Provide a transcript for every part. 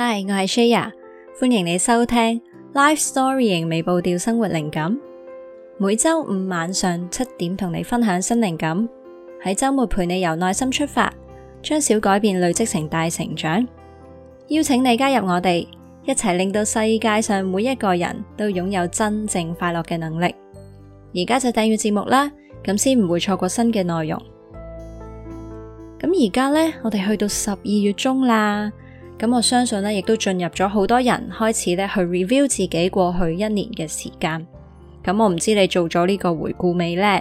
Hi，我係 Shia，歡迎你收聽 Life Story 微步調生活靈感，每周五晚上七點同你分享新靈感，喺周末陪你由內心出發，將小改變累積成大成長。邀請你加入我哋，一齊令到世界上每一個人都擁有真正快樂嘅能力。而家就訂閱節目啦，咁先唔會錯過新嘅內容。咁而家呢，我哋去到十二月中啦。咁我相信咧，亦都進入咗好多人開始咧去 review 自己過去一年嘅時間。咁我唔知你做咗呢個回顧未呢？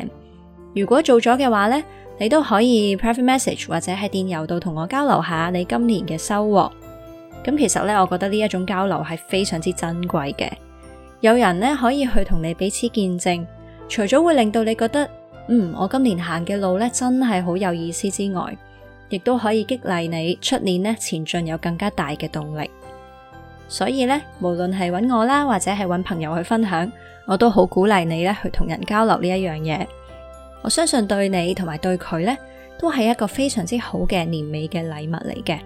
如果做咗嘅話咧，你都可以 private message 或者喺電郵度同我交流下你今年嘅收穫。咁其實咧，我覺得呢一種交流係非常之珍貴嘅。有人咧可以去同你彼此見證，除咗會令到你覺得，嗯，我今年行嘅路咧真係好有意思之外。亦都可以激勵你出年呢前進，有更加大嘅動力。所以呢，無論係揾我啦，或者係揾朋友去分享，我都好鼓勵你呢去同人交流呢一樣嘢。我相信對你同埋對佢呢，都係一個非常之好嘅年尾嘅禮物嚟嘅。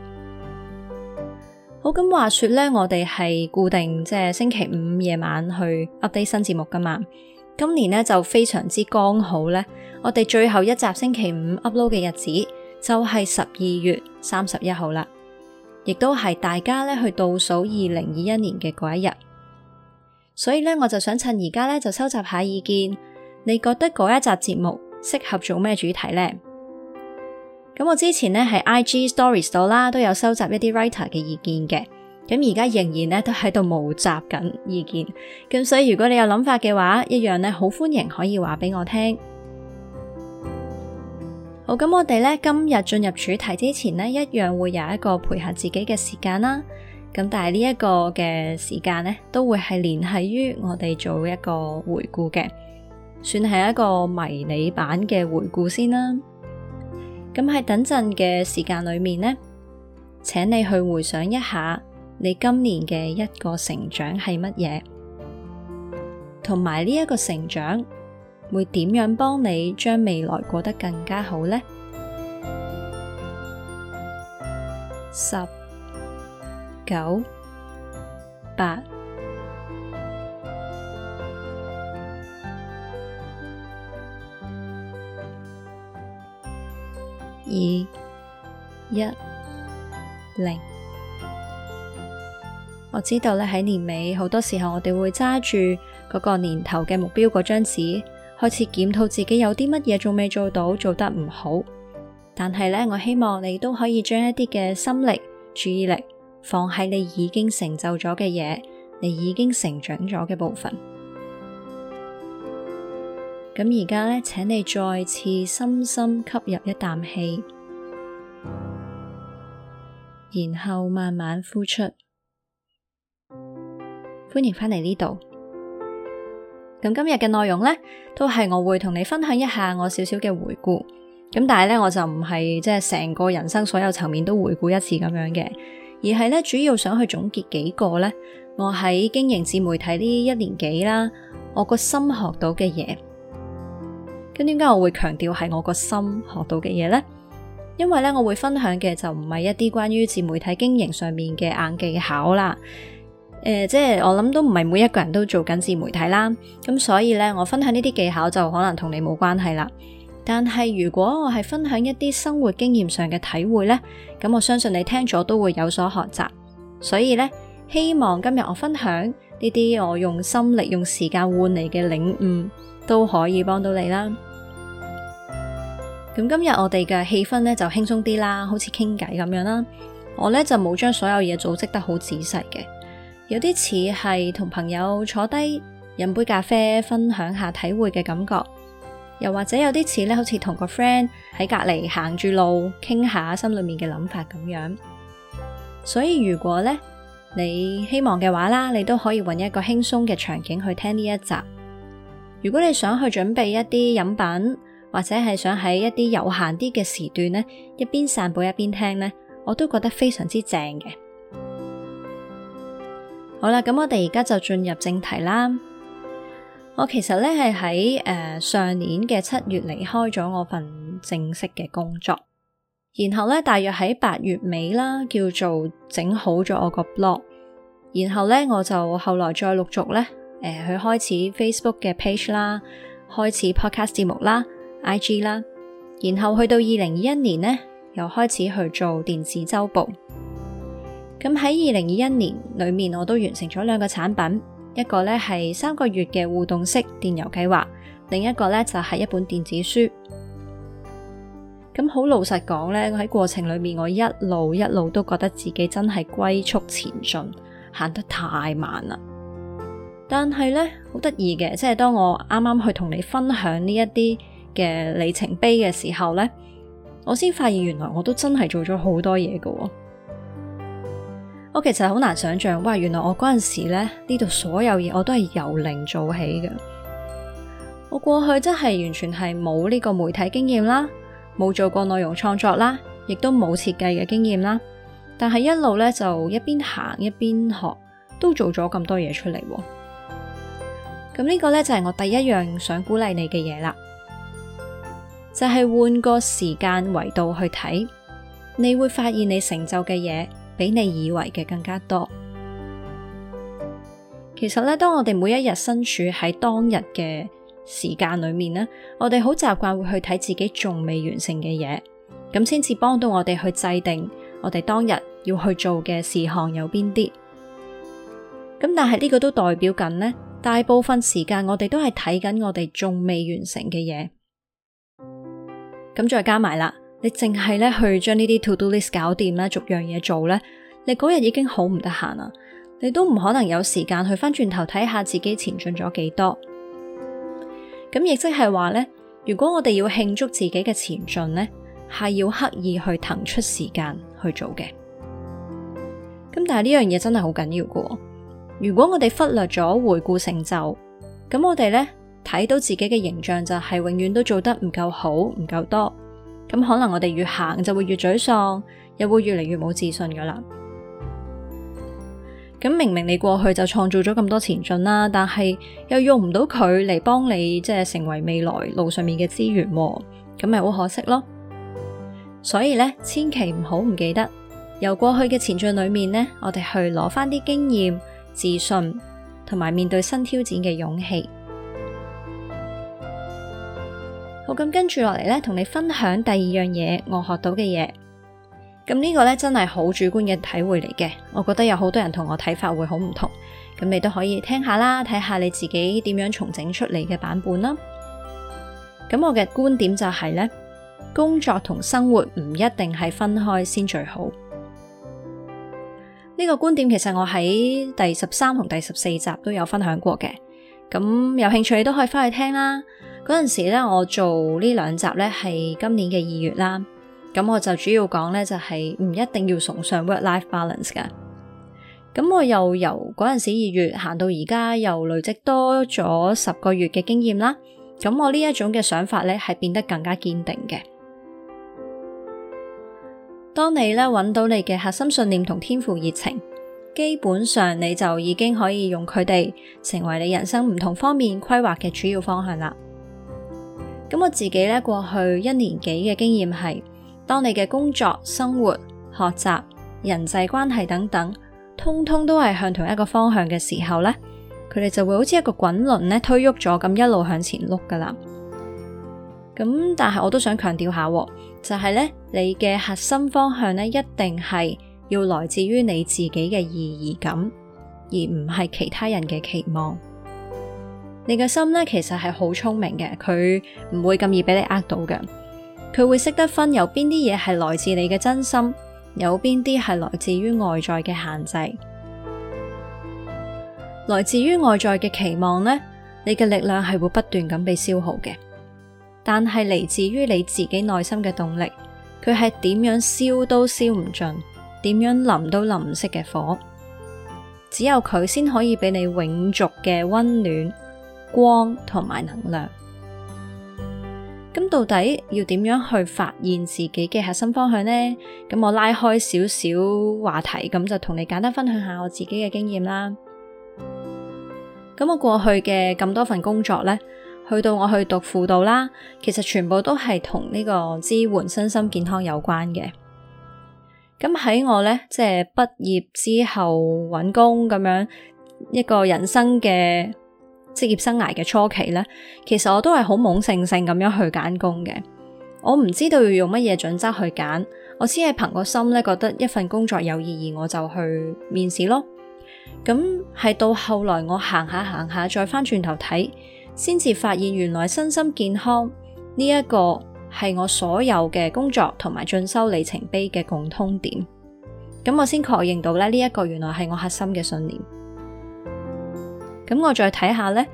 好咁，那話說呢，我哋係固定即係星期五夜晚去 update 新節目㗎嘛。今年呢，就非常之剛好呢，我哋最後一集星期五 upload 嘅日子。就係十二月三十一號啦，亦都係大家咧去倒數二零二一年嘅嗰一日，所以咧我就想趁而家咧就收集下意見，你覺得嗰一集節目適合做咩主題呢？咁我之前咧喺 I G Stories 度啦，都有收集一啲 writer 嘅意見嘅，咁而家仍然咧都喺度募集緊意見，咁所以如果你有諗法嘅話，一樣咧好歡迎可以話俾我聽。好咁，我哋咧，今日進入主題之前咧，一樣會有一個陪下自己嘅時間啦。咁但係呢一個嘅時間咧，都會係連繫於我哋做一個回顧嘅，算係一個迷你版嘅回顧先啦。咁喺等陣嘅時間裏面咧，請你去回想一下你今年嘅一個成長係乜嘢，同埋呢一個成長。會點樣幫你將未來過得更加好呢？十九八二一零，我知道咧喺年尾好多時候，我哋會揸住嗰個年頭嘅目標嗰張紙。開始檢討自己有啲乜嘢仲未做到，做得唔好。但係咧，我希望你都可以將一啲嘅心力、注意力放喺你已經成就咗嘅嘢，你已經成長咗嘅部分。咁而家咧，請你再次深深吸入一啖氣，然後慢慢呼出。歡迎返嚟呢度。咁今日嘅內容呢都係我會同你分享一下我少少嘅回顧。咁但係呢，我就唔係即係成個人生所有層面都回顧一次咁樣嘅，而係呢，主要想去總結幾個呢：我喺經營自媒體呢一年幾啦，我個心學到嘅嘢。咁點解我會強調係我個心學到嘅嘢呢？因為呢，我會分享嘅就唔係一啲關於自媒體經營上面嘅硬技巧啦。誒、呃，即係我諗都唔係每一個人都做緊自媒體啦，咁所以呢，我分享呢啲技巧就可能同你冇關係啦。但係如果我係分享一啲生活經驗上嘅體會呢，咁我相信你聽咗都會有所學習。所以呢，希望今日我分享呢啲我用心力、利用時間換嚟嘅領悟，都可以幫到你啦。咁今日我哋嘅氣氛呢就輕鬆啲啦，好似傾偈咁樣啦。我呢就冇將所有嘢組織得好仔細嘅。有啲似係同朋友坐低飲杯咖啡，分享下體會嘅感覺；又或者有啲似咧，好似同個 friend 喺隔籬行住路，傾下心裏面嘅諗法咁樣。所以如果咧你希望嘅話啦，你都可以揾一個輕鬆嘅場景去聽呢一集。如果你想去準備一啲飲品，或者係想喺一啲有限啲嘅時段呢，一邊散步一邊聽呢，我都覺得非常之正嘅。好啦，咁我哋而家就進入正題啦。我其實咧係喺誒上年嘅七月離開咗我份正式嘅工作，然後咧大約喺八月尾啦，叫做整好咗我個 blog，然後咧我就後來再陸續咧誒、呃、去開始 Facebook 嘅 page 啦，開始 podcast 節目啦、IG 啦，然後去到二零二一年呢，又開始去做電子周報。咁喺二零二一年裏面，我都完成咗兩個產品，一個呢係三個月嘅互動式電郵計劃，另一個呢就係一本電子書。咁好老實講呢，喺過程裏面，我一路一路都覺得自己真係龜速前進，行得太慢啦。但係呢，好得意嘅，即係當我啱啱去同你分享呢一啲嘅里程碑嘅時候呢，我先發現原來我都真係做咗好多嘢嘅喎。我其實好難想象，哇！原來我嗰陣時咧呢度，所有嘢，我都係由零做起嘅。我過去真係完全係冇呢個媒體經驗啦，冇做過內容創作啦，亦都冇設計嘅經驗啦。但係一路咧就一邊行一邊學，都做咗咁多嘢出嚟，啊。咁呢個咧就係、是、我第一樣想鼓勵你嘅嘢啦，就係、是、換個時間維度去睇，你會發現你成就嘅嘢比你以為嘅更加多。其實咧，當我哋每一日身處喺當日嘅時間裏面咧，我哋好習慣會去睇自己仲未完成嘅嘢，咁先至幫到我哋去制定我哋當日要去做嘅事項有邊啲。咁但係呢個都代表緊呢，大部分時間，我哋都係睇緊我哋仲未完成嘅嘢。咁再加埋啦。你淨係咧去將呢啲 to do list 搞掂，逐樣嘢做咧，你嗰日已經好唔得閒啦，你都唔可能有時間去翻轉頭睇下自己前進咗幾多。咁亦即係話咧，如果我哋要慶祝自己嘅前進咧，係要刻意去騰出時間去做嘅。咁但係呢樣嘢真係好緊要㗎喎。如果我哋忽略咗回顧成就，咁我哋咧睇到自己嘅形象就係永遠都做得唔夠好，唔夠多。咁可能我哋越行就會越沮喪，又會越嚟越冇自信噶啦。咁明明你過去就創造咗咁多前進啦，但係又用唔到佢嚟幫你，即係成為未來路上面嘅資源，咁咪好可惜咯。所以咧，千祈唔好唔記得由過去嘅前進裏面咧，我哋去攞翻啲經驗、自信同埋面對新挑戰嘅勇氣。咁跟住落嚟咧，同你分享第二樣嘢，我學到嘅嘢。咁呢個咧真係好主觀嘅體會嚟嘅，我覺得有好多人同我睇法會好唔同。咁你都可以聽下啦，睇下你自己點樣重整出嚟嘅版本啦。咁我嘅觀點就係咧，工作同生活唔一定係分開先最好。呢個觀點其實我喺第十三同第十四集都有分享過嘅。咁有興趣你都可以翻去聽啦。嗰陣時咧，我做呢兩集咧係今年嘅二月啦，咁我就主要講咧就係唔一定要崇尚 work-life balance 嘅。咁我又由嗰陣時二月行到而家，又累積多咗十個月嘅經驗啦。咁我呢一種嘅想法咧係變得更加堅定嘅。當你咧揾到你嘅核心信念同天賦熱情，基本上你就已經可以用佢哋成為你人生唔同方面規劃嘅主要方向啦。咁我自己咧過去一年幾嘅經驗係，當你嘅工作、生活、學習、人際關係等等，通通都係向同一個方向嘅時候咧，佢哋就會好似一個滾輪咧推喐咗咁一路向前碌噶啦。咁但係我都想強調下，就係咧你嘅核心方向咧一定係要來自於你自己嘅意義感，而唔係其他人嘅期望。你嘅心咧，其實係好聰明嘅，佢唔會咁易俾你呃到嘅。佢會識得分，有邊啲嘢係來自你嘅真心，有邊啲係來自於外在嘅限制。來自於外在嘅期望呢，你嘅力量係會不斷咁被消耗嘅。但係嚟自於你自己內心嘅動力，佢係點樣燒都燒唔盡，點樣淋都淋唔熄嘅火。只有佢先可以俾你永續嘅溫暖。光同埋能量，咁到底要點樣去發現自己嘅核心方向呢？咁我拉開少少話題，咁就同你簡單分享下我自己嘅經驗啦。咁我過去嘅咁多份工作呢，去到我去讀輔導啦，其實全部都係同呢個支援身心健康有關嘅。咁喺我呢，即係畢業之後揾工咁樣，一個人生嘅。職業生涯嘅初期咧，其實我都係好懵性性咁樣去揀工嘅。我唔知道要用乜嘢準則去揀，我只係憑個心咧，覺得一份工作有意義，我就去面試咯。咁係到後來我行下行下，再翻轉頭睇，先至發現原來身心健康呢一個係我所有嘅工作同埋進修里程碑嘅共通點。咁我先確認到咧，呢一個原來係我核心嘅信念。咁我再睇下呢，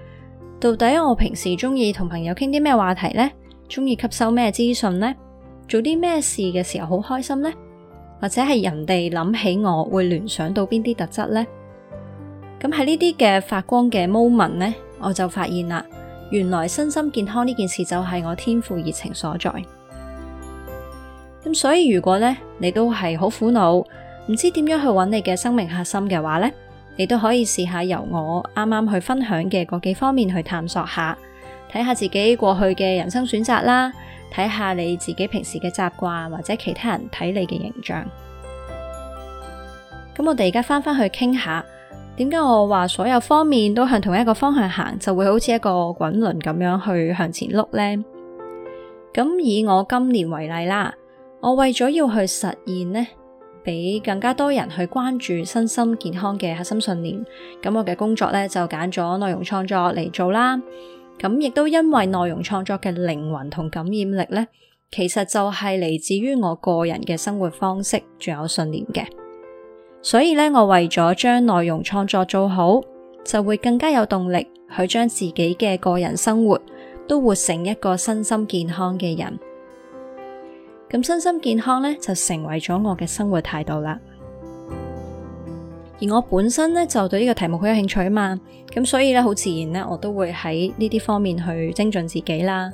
到底我平時中意同朋友傾啲咩話題呢？中意吸收咩資訊呢？做啲咩事嘅時候好開心呢？或者係人哋諗起我會聯想到邊啲特質呢？咁喺呢啲嘅發光嘅 moment 呢，我就發現啦，原來身心健康呢件事就係我天賦熱情所在。咁所以如果呢你都係好苦惱，唔知點樣去揾你嘅生命核心嘅話呢？你都可以試下由我啱啱去分享嘅嗰幾方面去探索下，睇下自己過去嘅人生選擇啦，睇下你自己平時嘅習慣或者其他人睇你嘅形象。咁 我哋而家翻翻去傾下，點解我話所有方面都向同一個方向行，就會好似一個滾輪咁樣去向前碌呢？咁以我今年為例啦，我為咗要去實現呢，俾更加多人去關注身心健康嘅核心信念，咁我嘅工作咧就揀咗內容創作嚟做啦。咁亦都因為內容創作嘅靈魂同感染力咧，其實就係嚟自於我個人嘅生活方式仲有信念嘅。所以咧，我為咗將內容創作做好，就會更加有動力去將自己嘅個人生活都活成一個身心健康嘅人。咁身心健康咧就成為咗我嘅生活態度啦。而我本身咧就對呢個題目好有興趣啊嘛，咁所以咧好自然咧，我都會喺呢啲方面去精進自己啦，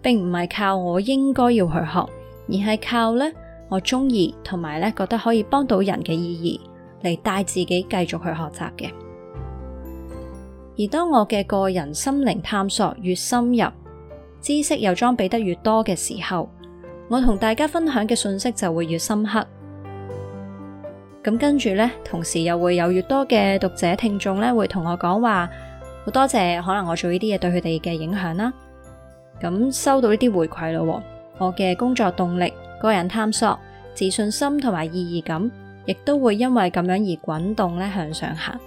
並唔係靠我應該要去學，而係靠咧我中意同埋咧覺得可以幫到人嘅意義嚟帶自己繼續去學習嘅。而當我嘅個人心靈探索越深入，知識又裝備得越多嘅時候。我同大家分享嘅信息就會越深刻，咁跟住呢，同時又會有越多嘅讀者聽眾呢，會同我講話，好多謝可能我做呢啲嘢對佢哋嘅影響啦。咁收到呢啲回饋咯喎，我嘅工作動力、個人探索、自信心同埋意義感，亦都會因為咁樣而滾動咧向上行。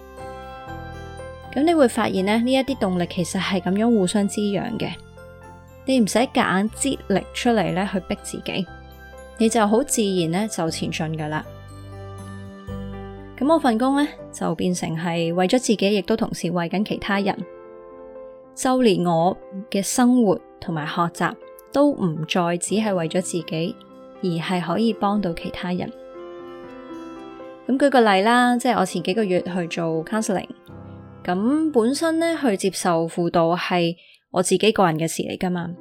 咁你會發現呢，呢一啲動力其實係咁樣互相滋養嘅。你唔使夾硬竭力出嚟咧，去逼自己，你就好自然咧就前進噶啦。咁我份工咧就變成係為咗自己，亦都同時為緊其他人。就連我嘅生活同埋學習都唔再只係為咗自己，而係可以幫到其他人。咁舉個例啦，即係我前幾個月去做 counseling，咁本身咧去接受輔導係。我自己個人嘅事嚟噶嘛，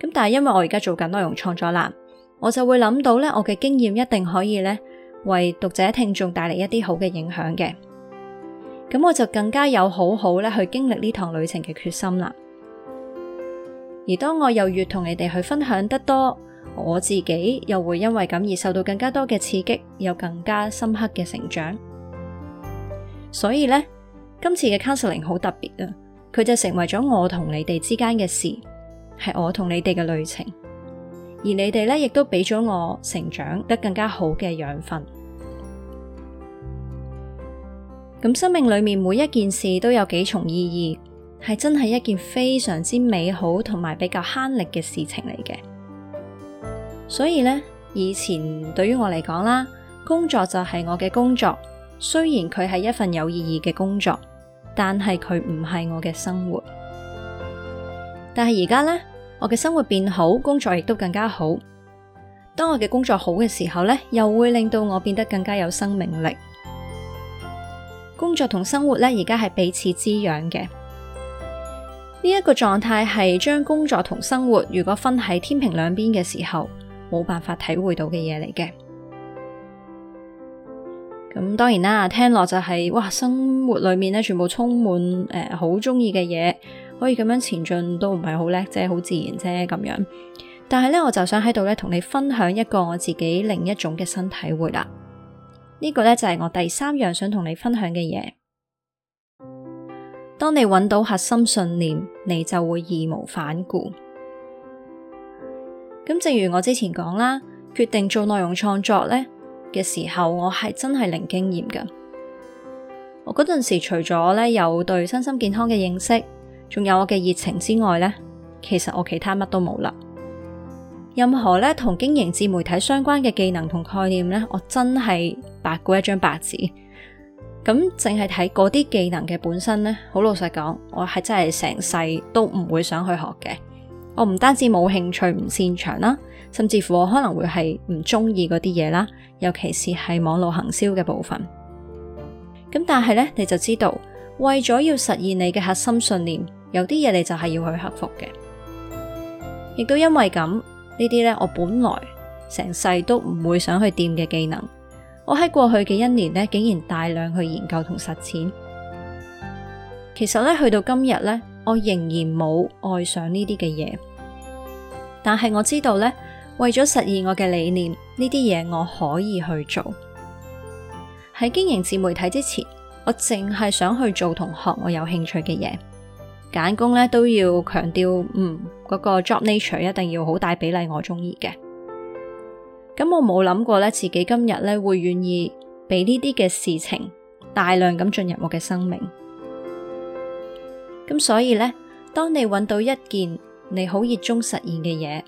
咁但係因為我而家做緊內容創作啦，我就會諗到咧，我嘅經驗一定可以咧為讀者聽眾帶嚟一啲好嘅影響嘅，咁我就更加有好好咧去經歷呢趟旅程嘅決心啦。而當我又越同你哋去分享得多，我自己又會因為咁而受到更加多嘅刺激，有更加深刻嘅成長。所以咧，今次嘅 counseling 好特別啊！佢就成為咗我同你哋之間嘅事，係我同你哋嘅旅程，而你哋呢亦都俾咗我成長得更加好嘅養分。咁生命裏面每一件事都有幾重意義，係真係一件非常之美好同埋比較慳力嘅事情嚟嘅。所以呢，以前對於我嚟講啦，工作就係我嘅工作，雖然佢係一份有意義嘅工作。但係佢唔係我嘅生活，但係而家呢，我嘅生活變好，工作亦都更加好。當我嘅工作好嘅時候呢，又會令到我變得更加有生命力。工作同生活呢，而家係彼此滋養嘅。呢一個狀態係將工作同生活如果分喺天平兩邊嘅時候，冇辦法體會到嘅嘢嚟嘅。咁當然啦，聽落就係、是、哇，生活裏面咧，全部充滿誒好中意嘅嘢，可以咁樣前進都唔係好叻啫，好自然啫咁樣。但係呢，我就想喺度咧同你分享一個我自己另一種嘅新體會啦。呢、這個呢，就係、是、我第三樣想同你分享嘅嘢。當你揾到核心信念，你就會義無反顧。咁正如我之前講啦，決定做內容創作呢。嘅時候，我係真係零經驗嘅。我嗰陣時除咗咧有對身心健康嘅認識，仲有我嘅熱情之外咧，其實我其他乜都冇啦。任何咧同經營自媒體相關嘅技能同概念咧，我真係白過一張白紙。咁淨係睇嗰啲技能嘅本身咧，好老實講，我係真係成世都唔會想去學嘅。我唔單止冇興趣，唔擅長啦，甚至乎我可能會係唔中意嗰啲嘢啦，尤其是係網絡行銷嘅部分。咁但係呢，你就知道為咗要實現你嘅核心信念，有啲嘢你就係要去克服嘅。亦都因為咁，呢啲呢，我本來成世都唔會想去掂嘅技能，我喺過去嘅一年呢，竟然大量去研究同實踐。其實呢，去到今日呢。我仍然冇愛上呢啲嘅嘢，但係我知道呢，為咗實現我嘅理念，呢啲嘢我可以去做。喺經營自媒體之前，我淨係想去做同學我有興趣嘅嘢。揀工呢都要強調，嗯，嗰個 job nature 一定要好大比例我中意嘅。咁我冇諗過呢，自己今日呢會願意俾呢啲嘅事情大量咁進入我嘅生命。咁所以呢，當你揾到一件你好熱衷實現嘅嘢，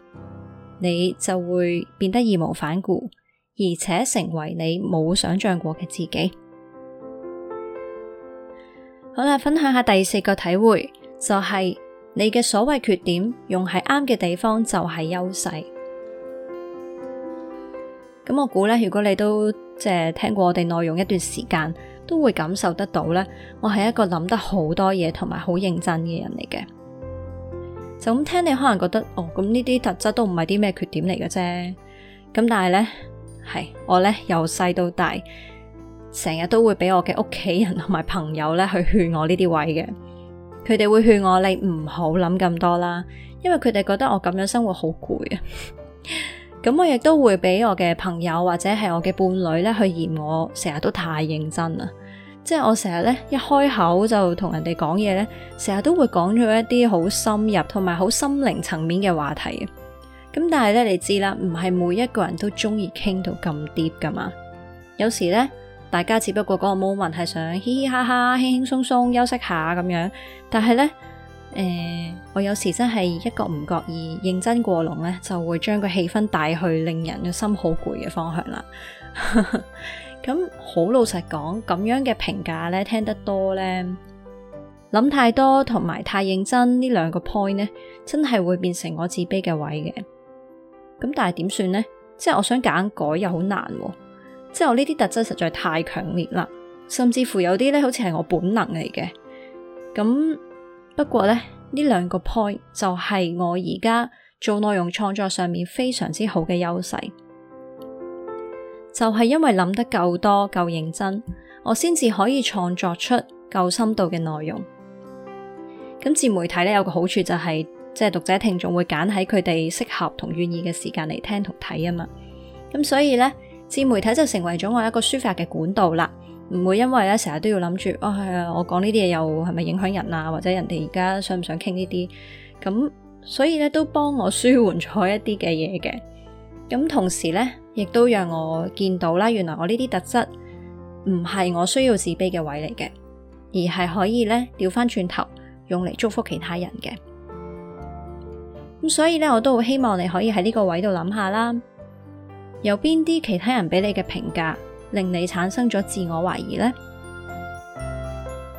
你就會變得義無反顧，而且成為你冇想象過嘅自己。好啦，分享下第四個體會，就係、是、你嘅所謂缺點，用喺啱嘅地方就係優勢。咁我估呢，如果你都即係聽過我哋內容一段時間。都會感受得到咧，我係一個諗得好多嘢，同埋好認真嘅人嚟嘅。就咁聽，你可能覺得哦，咁呢啲特質都唔係啲咩缺點嚟嘅啫。咁但係咧，係我咧由細到大，成日都會俾我嘅屋企人同埋朋友咧去勸我呢啲位嘅。佢哋會勸我，你唔好諗咁多啦，因為佢哋覺得我咁樣生活好攰啊。 咁我亦都會俾我嘅朋友或者係我嘅伴侶咧去嫌我成日都太認真啦，即係我成日咧一開口就同人哋講嘢咧，成日都會講咗一啲好深入同埋好心靈層面嘅話題啊。咁但係咧，你知啦，唔係每一個人都中意傾到咁 deep 噶嘛。有時咧，大家只不過嗰個 moment 係想嘻嘻哈哈、輕輕鬆鬆休息下咁樣，但係咧。誒、欸，我有時真係一個唔覺意認真過龍咧，就會將個氣氛帶去令人嘅心好攰嘅方向啦。咁 好老實講，咁樣嘅評價咧，聽得多咧，諗太多同埋太認真這兩呢兩個 point 咧，真係會變成我自卑嘅位嘅。咁但係點算呢？即、就、係、是、我想揀改又好難、啊，即、就、係、是、我呢啲特質實在太強烈啦，甚至乎有啲咧，好似係我本能嚟嘅，咁。不過呢，呢兩個 point 就係我而家做內容創作上面非常之好嘅優勢，就係、是、因為諗得夠多、夠認真，我先至可以創作出夠深度嘅內容。咁自媒體呢，有個好處就係、是，即、就、係、是、讀者聽眾會揀喺佢哋適合同願意嘅時間嚟聽同睇啊嘛。咁所以呢，自媒體就成為咗我一個抒發嘅管道啦。唔會因為咧，成日都要諗住，哦、啊,我講呢啲嘢又係咪影響人啊？或者人哋而家想唔想傾呢啲？咁所以咧都幫我舒緩咗一啲嘅嘢嘅。咁同時咧，亦都讓我見到啦，原來我呢啲特質唔係我需要自卑嘅位嚟嘅，而係可以咧調翻轉頭用嚟祝福其他人嘅。咁所以咧，我都好希望你可以喺呢個位度諗下啦，有邊啲其他人俾你嘅評價令你產生咗自我懷疑呢？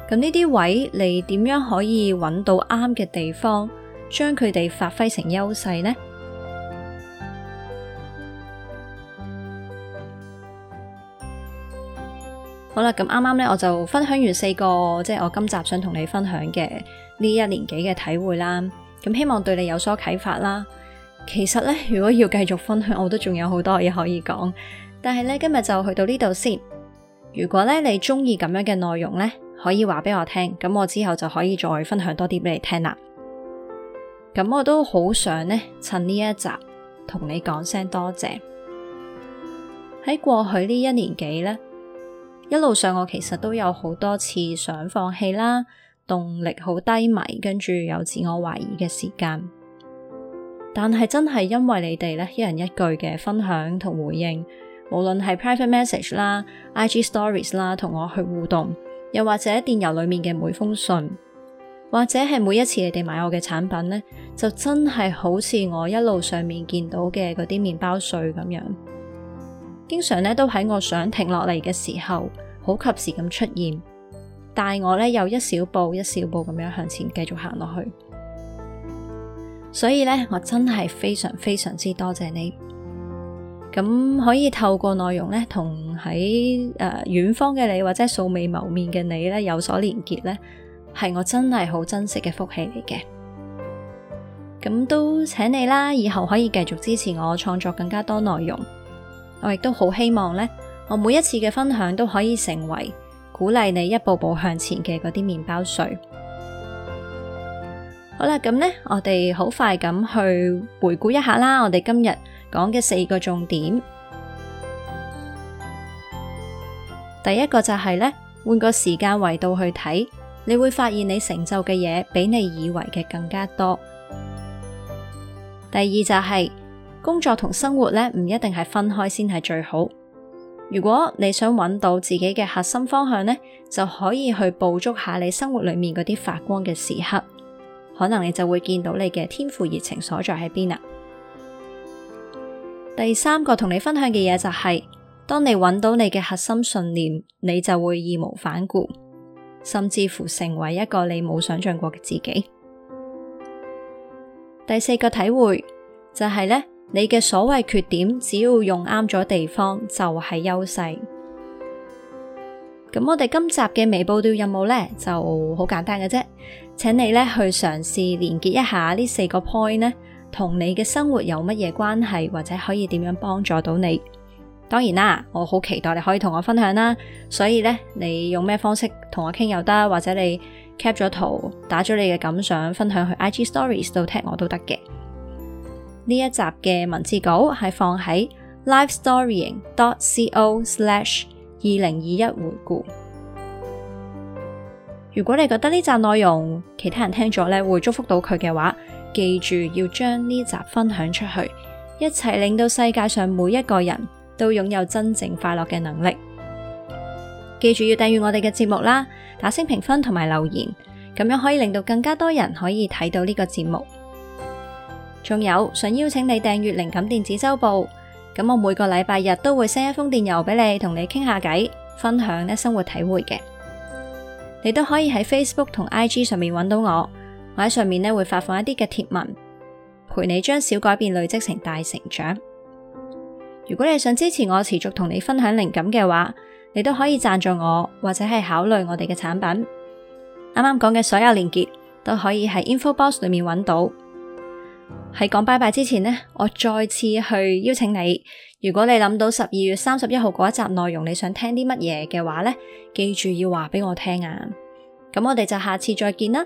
咁呢啲位，你點樣可以揾到啱嘅地方，將佢哋發揮成優勢呢？嗯、好啦，咁啱啱咧，我就分享完四個，即係我今集想同你分享嘅呢一年幾嘅體會啦。咁希望對你有所啟發啦。其實咧，如果要繼續分享，我都仲有好多嘢可以講。但係咧，今日就去到呢度先。如果咧你中意咁樣嘅內容呢，可以話俾我聽，咁我之後就可以再分享多啲俾你聽啦。咁我都好想呢，趁呢一集同你講聲多謝。喺過去呢一年幾呢，一路上我其實都有好多次想放棄啦，動力好低迷，跟住有自我懷疑嘅時間。但係真係因為你哋呢，一人一句嘅分享同回應。無論係 private message 啦、IG stories 啦，同我去互動，又或者電郵裏面嘅每封信，或者係每一次你哋買我嘅產品呢，就真係好似我一路上面見到嘅嗰啲麵包碎咁樣，經常呢都喺我想停落嚟嘅時候，好及時咁出現，帶我呢又一小步一小步咁樣向前繼續行落去。所以呢，我真係非常非常之多謝你。咁可以透過內容咧，同喺誒遠方嘅你或者素未謀面嘅你咧，有所連結咧，係我真係好珍惜嘅福氣嚟嘅。咁都請你啦，以後可以繼續支持我創作更加多內容。我亦都好希望咧，我每一次嘅分享都可以成為鼓勵你一步步向前嘅嗰啲麵包碎。好啦，咁呢，我哋好快咁去回顧一下啦，我哋今日講嘅四個重點，第一個就係咧，換個時間維度去睇，你會發現你成就嘅嘢，比你以為嘅更加多。第二就係工作同生活呢，唔一定係分開先係最好。如果你想揾到自己嘅核心方向呢，就可以去捕捉下你生活裏面嗰啲發光嘅時刻，可能你就會見到你嘅天賦熱情所在喺邊啦。第三個同你分享嘅嘢就係，當你揾到你嘅核心信念，你就會義無反顧，甚至乎成為一個你冇想象過嘅自己。第四個體會就係咧，你嘅所謂缺點，只要用啱咗地方就係優勢。咁我哋今集嘅微步調任務咧就好簡單嘅啫，請你咧去嘗試連結一下呢四個 point 同你嘅生活有乜嘢關係，或者可以點樣幫助到你？當然啦，我好期待你可以同我分享啦。所以咧，你用咩方式同我傾又得，或者你 cap 咗圖打咗你嘅感想分享去 IG Stories 度 tag 我都得嘅。呢一集嘅文字稿係放喺 live storying dot c o slash 二零二一回顧。如果你覺得呢集內容其他人聽咗咧會祝福到佢嘅話，記住要將呢集分享出去，一齊令到世界上每一個人都擁有真正快樂嘅能力。記住要訂閱我哋嘅節目啦，打聲評分同埋留言，咁樣可以令到更加多人可以睇到呢個節目。仲有，想邀請你訂閱靈感電子週報，咁我每個禮拜日都會 send 一封電郵俾你，同你傾下偈，分享呢生活體會嘅。你都可以喺 Facebook 同 IG 上面揾到我。喺上面咧，會發放一啲嘅貼文，陪你將小改變累積成大成長。如果你想支持我持續同你分享靈感嘅話，你都可以贊助我，或者係考慮我哋嘅產品。啱啱講嘅所有連結都可以喺 InfoBox 裏面揾到。喺講拜拜之前呢，我再次去邀請你，如果你諗到十二月三十一號嗰一集內容你想聽啲乜嘢嘅話咧，記住要話俾我聽啊！咁我哋就下次再見啦。